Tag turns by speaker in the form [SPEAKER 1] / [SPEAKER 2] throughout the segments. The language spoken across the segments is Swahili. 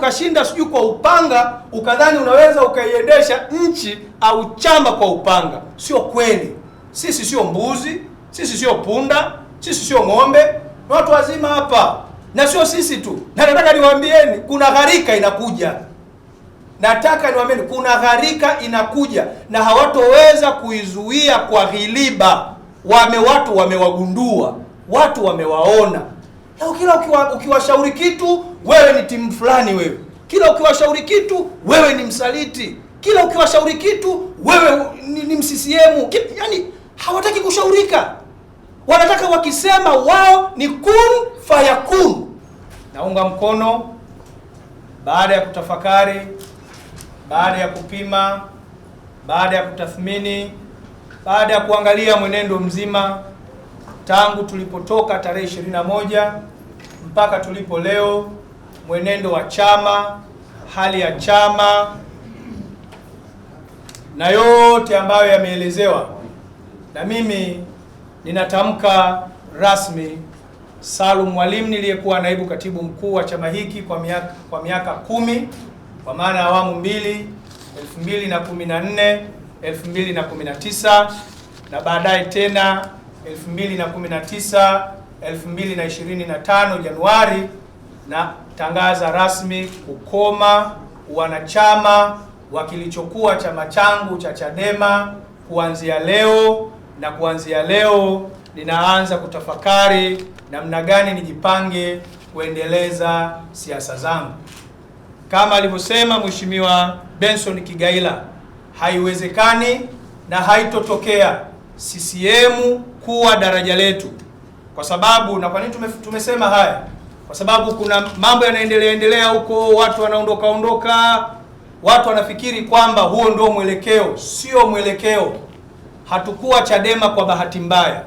[SPEAKER 1] ukashinda sijui kwa upanga, ukadhani unaweza ukaiendesha nchi au chama kwa upanga. Sio kweli. Sisi sio mbuzi, sisi sio punda, sisi sio ng'ombe, ni watu wazima hapa, na sio sisi tu. Na nataka niwaambieni, kuna gharika inakuja. Nataka niwaambieni, kuna gharika inakuja, na hawatoweza kuizuia kwa ghiliba. Wame watu wamewagundua, watu wamewaona. Leo kila ukiwa ukiwashauri kitu wewe ni timu fulani wewe. Kila ukiwashauri kitu wewe ni msaliti. Kila ukiwashauri kitu wewe ni, ni msisiemu. Yaani hawataki kushaurika. Wanataka wakisema wao ni kun fayakun.
[SPEAKER 2] Naunga mkono baada ya kutafakari, baada ya kupima, baada ya kutathmini, baada ya kuangalia mwenendo mzima tangu tulipotoka tarehe 21 mpaka tulipo leo, mwenendo wa chama, hali ya chama na yote ambayo yameelezewa, na mimi ninatamka rasmi Salum Mwalimu niliyekuwa naibu katibu mkuu wa chama hiki kwa miaka, kwa miaka kumi kwa maana ya awamu mbili 2014 2019 na baadaye tena 2019 2025 Januari na tangaza rasmi kukoma wanachama wa kilichokuwa chama changu cha Chadema kuanzia leo, na kuanzia leo ninaanza kutafakari namna gani nijipange kuendeleza siasa zangu. Kama alivyosema Mheshimiwa Benson Kigaila, haiwezekani na haitotokea CCM kuwa daraja letu, kwa sababu na kwa nini tume, tumesema haya kwa sababu kuna mambo yanaendelea endelea huko, watu wanaondoka ondoka, watu wanafikiri kwamba huo ndio mwelekeo. Sio mwelekeo. Hatukuwa Chadema kwa bahati mbaya,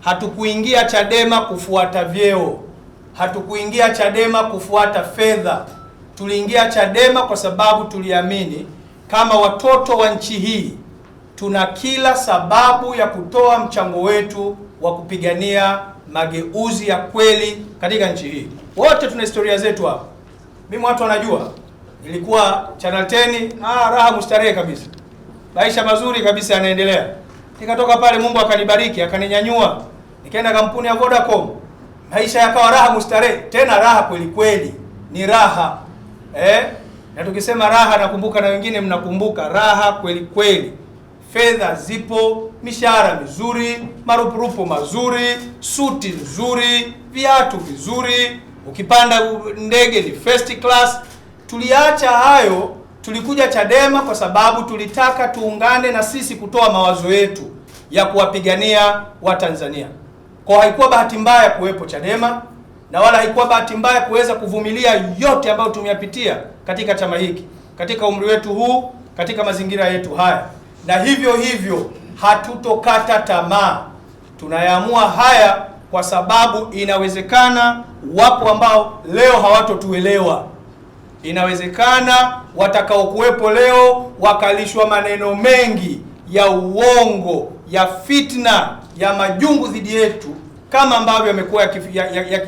[SPEAKER 2] hatukuingia Chadema kufuata vyeo, hatukuingia Chadema kufuata fedha. Tuliingia Chadema kwa sababu tuliamini kama watoto wa nchi hii tuna kila sababu ya kutoa mchango wetu wa kupigania mageuzi ya kweli katika nchi hii. Wote tuna historia zetu hapa. Mimi watu wanajua nilikuwa Channel 10 ah, raha mustarehe kabisa, maisha mazuri kabisa yanaendelea. Nikatoka pale, Mungu akanibariki akaninyanyua, nikaenda kampuni ya Vodacom, maisha yakawa raha mustarehe, tena raha kweli kweli, ni raha eh? na tukisema raha, nakumbuka na wengine mnakumbuka raha kweli kweli fedha zipo, mishahara mizuri, marupurupu mazuri, suti nzuri, viatu vizuri, ukipanda ndege ni first class. Tuliacha hayo, tulikuja Chadema kwa sababu tulitaka tuungane na sisi kutoa mawazo yetu ya kuwapigania Watanzania. Kwa haikuwa bahati mbaya kuwepo Chadema na wala haikuwa bahati mbaya kuweza kuvumilia yote ambayo tumeyapitia katika chama hiki, katika umri wetu huu, katika mazingira yetu haya na hivyo hivyo hatutokata tamaa. Tunayaamua haya kwa sababu inawezekana wapo ambao leo hawatotuelewa, inawezekana watakaokuwepo leo wakalishwa maneno mengi ya uongo, ya fitna, ya majungu dhidi yetu kama ambavyo yamekuwa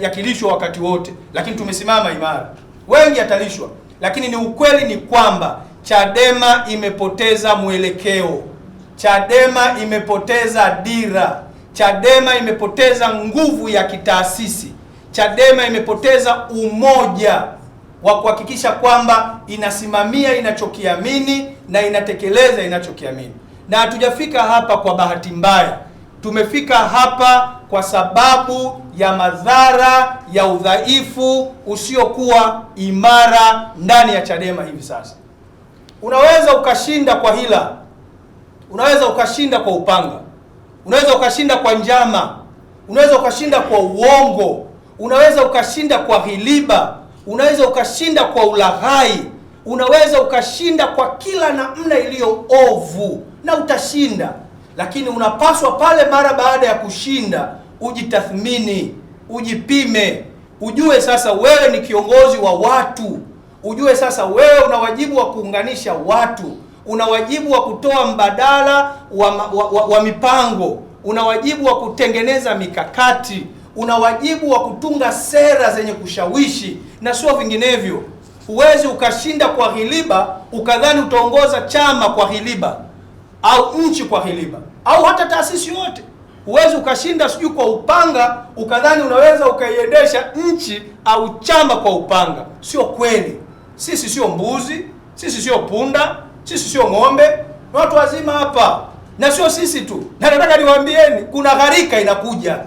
[SPEAKER 2] yakilishwa wakati wote, lakini tumesimama imara. Wengi atalishwa, lakini ni ukweli ni kwamba Chadema imepoteza mwelekeo, Chadema imepoteza dira, Chadema imepoteza nguvu ya kitaasisi, Chadema imepoteza umoja wa kuhakikisha kwamba inasimamia inachokiamini na inatekeleza inachokiamini. Na hatujafika hapa kwa bahati mbaya, tumefika hapa kwa sababu ya madhara ya udhaifu usiokuwa imara ndani ya Chadema hivi sasa. Unaweza ukashinda kwa hila, unaweza ukashinda kwa upanga, unaweza ukashinda kwa njama, unaweza ukashinda kwa uongo, unaweza ukashinda kwa hiliba, unaweza ukashinda kwa ulaghai, unaweza ukashinda kwa kila namna iliyo ovu na utashinda, lakini unapaswa pale, mara baada ya kushinda, ujitathmini, ujipime, ujue sasa wewe ni kiongozi wa watu ujue sasa wewe una wajibu wa kuunganisha watu, una wajibu wa kutoa mbadala wa, wa, wa, wa mipango, una wajibu wa kutengeneza mikakati, una wajibu wa kutunga sera zenye kushawishi na sio vinginevyo. Huwezi ukashinda kwa hiliba ukadhani utaongoza chama kwa hiliba au nchi kwa hiliba au hata taasisi yote. Huwezi ukashinda sijui kwa upanga ukadhani unaweza ukaiendesha nchi au chama kwa upanga, sio kweli. Sisi sio mbuzi, sisi sio punda, sisi sio ng'ombe, ni watu wazima hapa, na sio sisi tu. Na nataka niwaambieni, kuna gharika inakuja.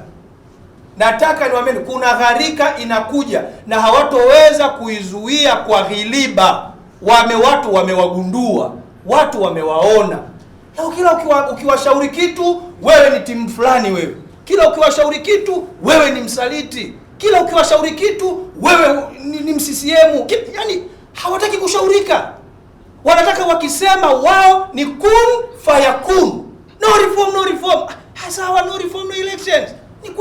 [SPEAKER 2] Nataka niwaambieni, kuna gharika inakuja, na hawatoweza kuizuia kwa ghiliba. Wame watu wamewagundua, watu wamewaona. Leo kila ukiwa, ukiwashauri kitu wewe ni timu fulani, wewe kila ukiwashauri kitu wewe ni msaliti, kila ukiwashauri kitu wewe ni, ni msisiemu. Yaani hawataki kushaurika, wanataka wakisema wao ni kun fayakun, no reform, no reform. Ah, sawa, no reform, no elections